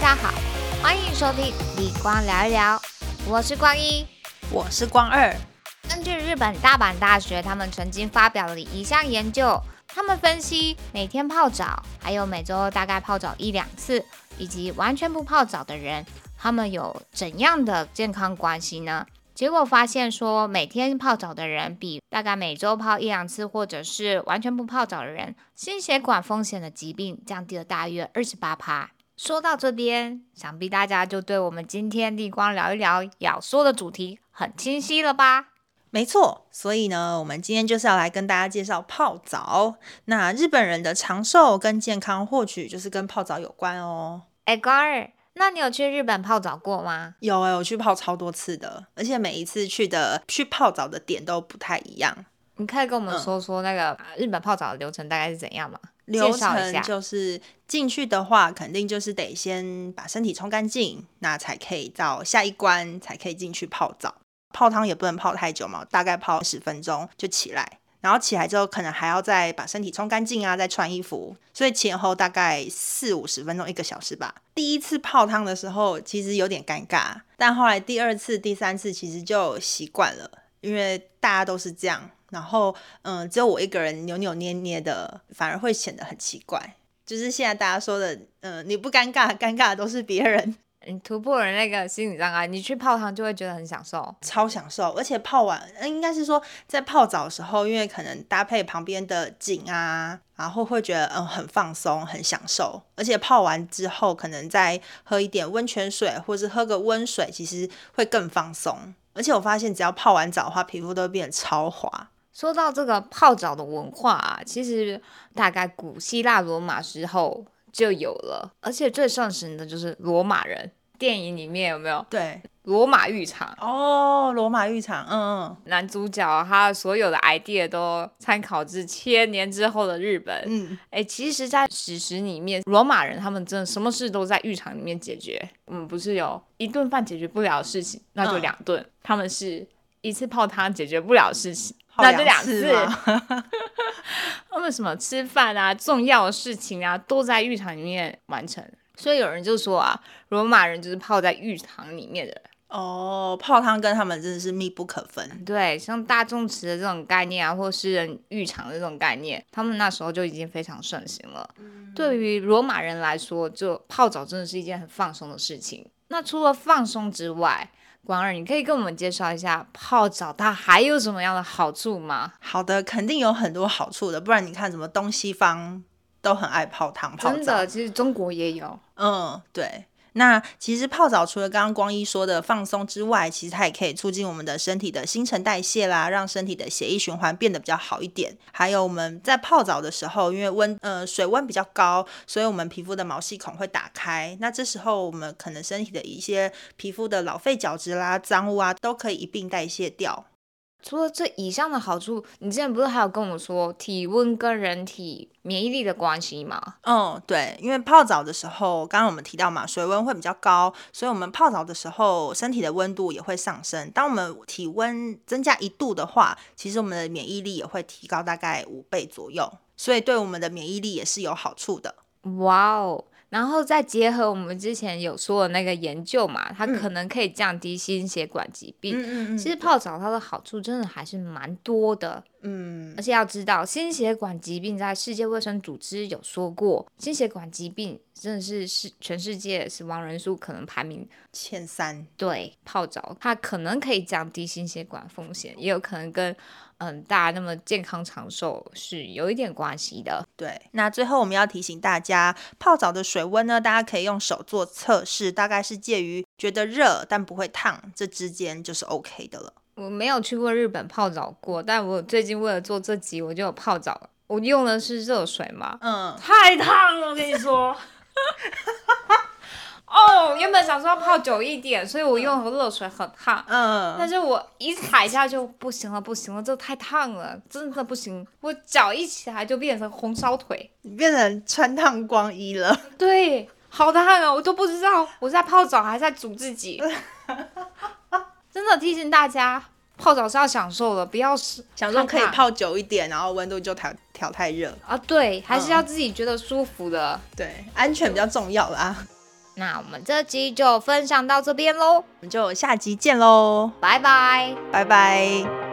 大家好，歡迎收聽立光聊一聊，我是光一，我是光二。根據日本大阪大學，他們曾經發表了一項研究，他們分析每天泡澡，還有每周大概泡澡一兩次，以及完全不泡澡的人，他們有怎樣的健康關係呢？結果發現說，每天泡澡的人比大概每周泡一兩次，或者是完全不泡澡的人，心血管風險的疾病降低了大約二十八趴。說到這邊，想必大家就對我們今天立光聊一聊要說的主題很清晰了吧？沒錯，所以呢，我們今天就是要來跟大家介紹泡澡。那日本人的長壽跟健康或許就是跟泡澡有關哦。欸，立光兒，那你有去日本泡澡過嗎？有哎、欸，我去泡超多次的，而且每一次去的去泡澡的點都不太一樣。你可以跟我們說說那個、嗯、日本泡澡的流程大概是怎樣嗎？流程就是進去的話，肯定就是得先把身體沖乾淨，那才可以到下一關，才可以進去泡澡。泡湯也不能泡太久嘛，大概泡十分鐘就起來，然後起來之後可能還要再把身體沖乾淨啊，再穿衣服，所以前後大概四五十分鐘，一個小時吧。第一次泡湯的時候其實有點尷尬，但後來第二次、第三次其實就習慣了。因為大家都是這樣，然後嗯、呃，只有我一個人扭扭捏捏的，反而會顯得很奇怪。就是現在大家說的，嗯、呃，你不尷尬，尷尬的都是別人。你突破了那個心理障礙，你去泡湯就會覺得很享受，超享受。而且泡完，呃，應該是說在泡澡的時候，因為可能搭配旁邊的景啊，然後會覺得嗯、呃，很放鬆，很享受。而且泡完之後，可能再喝一點溫泉水，或者是喝個溫水，其實會更放鬆。而且我發現，只要泡完澡的話，皮膚都會變得超滑。說到這個泡澡的文化啊，其實大概古希臘、羅馬時候就有了，而且最盛行的就是羅馬人。電影裡面有沒有？對，羅馬浴場。哦，羅馬浴場，嗯嗯，男主角他所有的 idea 都參考自千年之後的日本，嗯，哎、欸，其實，在史實裡面，羅馬人他們真的什麼事都在浴場裡面解決。嗯，不是有一頓飯解決不了的事情，那就兩頓、嗯；他們是一次泡湯解決不了的事情，嗯、那就兩次。 他們什麼吃飯啊，重要的事情啊，都在浴場裡面完成。所以有人就說啊，羅馬人就是泡在浴堂裡面的人，oh, 泡湯跟他們真的是密不可分。對，像大眾池的這種概念啊，或是私人浴場的這種概念，他們那時候就已經非常盛行了。對於羅馬人來說，就泡澡真的是一件很放鬆的事情。那除了放鬆之外，光兒，你可以跟我們介紹一下泡澡它還有什麼樣的好處嗎？好的，肯定有很多好處的，不然你看什麼東西方。都很愛泡湯泡澡，真的，其實中國也有。嗯，對。那其實泡澡除了剛剛光一說的放鬆之外，其實它也可以促進我們的身體的新陳代謝啦，讓身體的血液循環變得比較好一點。還有我們在泡澡的時候，因為溫呃水溫比較高，所以我們皮膚的毛細孔會打開。那這時候我們可能身體的一些皮膚的老廢角質啦、髒污啊，都可以一併代謝掉。除了這以上的好處，你之前不是還有跟我說體溫跟人體免疫力的關係嗎？嗯，對，因為泡澡的時候，剛剛我們提到嘛，水溫會比較高，所以我們泡澡的時候，身體的溫度也會上升。當我們體溫增加一度的話，其實我們的免疫力也會提高大概五倍左右，所以對我們的免疫力也是有好處的。哇哦！然後再結合我們之前有說的那個研究嘛，它可能可以降低心血管疾病。嗯，其實泡澡它的好處真的還是蠻多的。嗯，而且要知道，心血管疾病在世界衛生組織有說過，心血管疾病真的是世全世界死亡人數可能排名前三。對，泡澡，它可能可以降低心血管風險，也有可能跟嗯大家那麼健康長壽是有一點關係的。對，那最後我們要提醒大家，泡澡的水溫呢，大家可以用手做測試，大概是介於覺得熱，但不會燙，這之間就是 OK 的了。我沒有去過日本泡澡過，但我最近為了做這集，我就有泡澡，我用的是熱水嘛，嗯，太燙了，我跟你說。哦 ，oh, 原本想說要泡久一點，所以我用了熱水很燙，嗯，但是我一踩一下就不行了，不行了，這太燙了，真的不行。我腳一起來就變成紅燒腿，你變成汆燙光衣了。對，好燙啊，哦！我都不知道我在泡澡還是在煮自己。 真的提醒大家，泡澡是要享受的，不要是享受，可以泡久一點，然後溫度就調調太熱啊！對，還是要自己覺得舒服的，嗯、對，安全比較重要啦。那，那我們這集就分享到這邊嘍，我們就下集見嘍，拜拜，拜拜。